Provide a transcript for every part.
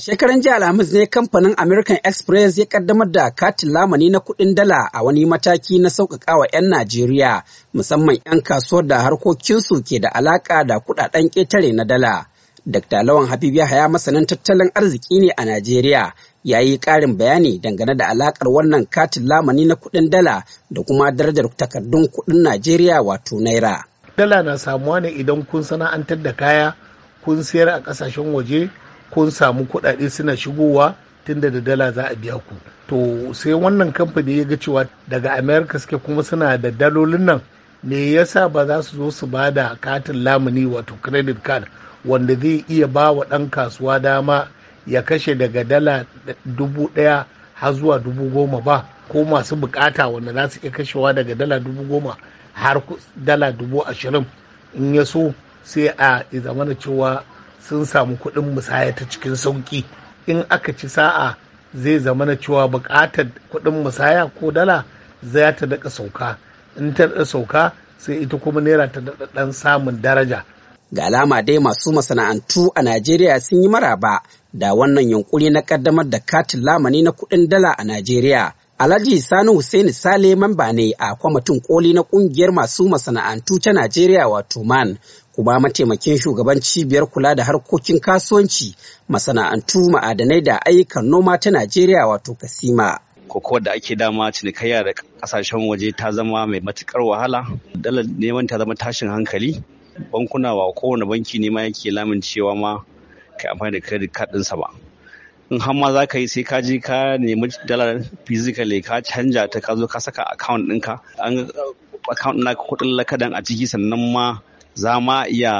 A shekaran jiya Alhamis ne kamfanin American Express ya kaddamar da katin lamani na kuɗin dala a wani mataki na sauƙaƙa wa 'yan Najeriya musamman 'yan kasuwar da harkokinsu ke da alaƙa da kuɗaɗen ƙetare na dala. Dr. Lawan Habib Yahaya masanin tattalin arziki ne a Najeriya ya yi ƙarin bayani dangane da alaƙar wannan katin lamani na kuɗin dala da kuma darajar takardun kuɗin Najeriya wato Naira. Dala na samuwa ne idan kun sana'antar da kaya kun sayar a ƙasashen waje kun samu kuɗaɗe suna shigowa tunda da dala za a biya ku to sai wannan kamfani ya ga cewa daga america suke kuma suna da dalolin nan me yasa ba za su zo su ba da katin lamuni wato credit card wanda zai iya ba wa ɗan kasuwa dama ya kashe daga dala dubu ɗaya har zuwa dubu goma ba ko masu bukata wanda za su iya kashewa daga dala dubu goma har dala dubu ashirin in ya so sai a zamana cewa sun samu kuɗin musaya ta cikin sauƙi in aka ci sa'a zai zama na cewa buƙatar kuɗin musaya ko dala zai ta daɗa sauka in ta daɗa sauka sai ita kuma naira ta daɗa ɗan samun daraja ga alama dai masu masana'antu a Najeriya sun yi maraba da wannan yunkuri na ƙaddamar da katin lamani na kuɗin dala a Najeriya Alhaji Sani Hussein Sale mamba ne a kwamitin koli na kungiyar masu masana'antu ta Najeriya wato MAN kuma mataimakin shugaban cibiyar kula da harkokin kasuwanci masana'antu ma'adanai da ayyukan noma ta Najeriya wato Kasima. Koko da ake dama cinikayya da kasashen waje ta zama mai matukar wahala, dalar neman ta zama tashin hankali, bankuna ba kowane banki ne ma yake lamin cewa ma kai amfani da credit card ɗinsa ba. in hamma ma za ka yi sai ka je ka nemi dalar physically ka canja ta ka zo ka saka account ɗinka an account na kuɗin lakadan a ciki sannan ma za ma iya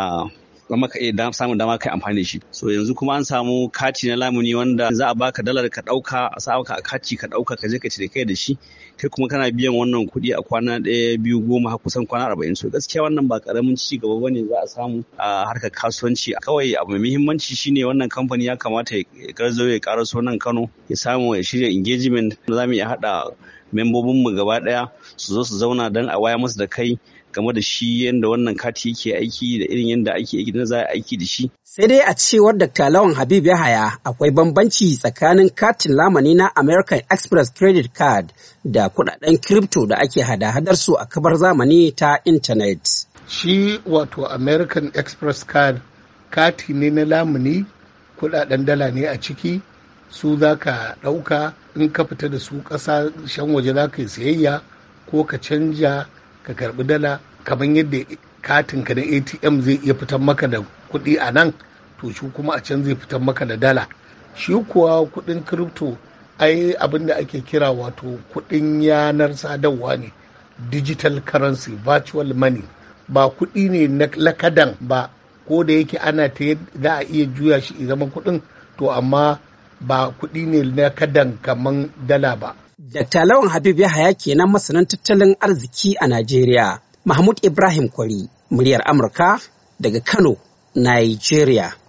zama ka iya samun dama kai amfani da shi so yanzu kuma an samu kati na lamuni wanda za a baka dalar ka dauka a sa ka a kati ka dauka ka je ka cire kai da shi kai kuma kana biyan wannan kuɗi a kwana ɗaya biyu goma har kusan kwana arba'in so gaskiya wannan ba karamin ci gaba ba ne za a samu a harkar kasuwanci kawai abu mai muhimmanci shine wannan kamfani ya kamata ya karzo ya karaso nan Kano ya samu ya shirya engagement za mu iya haɗa membobinmu gaba ɗaya su zo su zauna don a waya musu da kai game da shi yadda wannan kati yake aiki da irin yadda ake aiki da za a aiki da shi. Sai dai a cewar Dr. Lawan Habib ya haya, akwai bambanci tsakanin katin lamani na American Express Credit Card da kudaden crypto da ake hada-hadar su a kabar zamani ta intanet. Shi wato American Express Card kati ne na lamuni kudaden dala ne a ciki su za ka ɗauka in ka fita da su ƙasa shan waje za ka yi sayayya ko ka canja ka karbi dala kamar yadda katin ka na atm zai iya fitar maka da kuɗi a nan to shi kuma a can zai fitar maka da dala shi kuwa kuɗin crypto ai abin da ake kira wato kuɗin yanar sadarwa ne digital currency virtual money ba kuɗi ne na lakadan ba ko da yake ana ta za a iya juya shi zama kuɗin to amma ba kuɗi ne na kadan kaman dala ba. Dr. Lawan Habib Yahaya kenan masanin tattalin arziki a Najeriya. Mahmud Ibrahim Kwari, muryar Amurka daga Kano, Najeriya.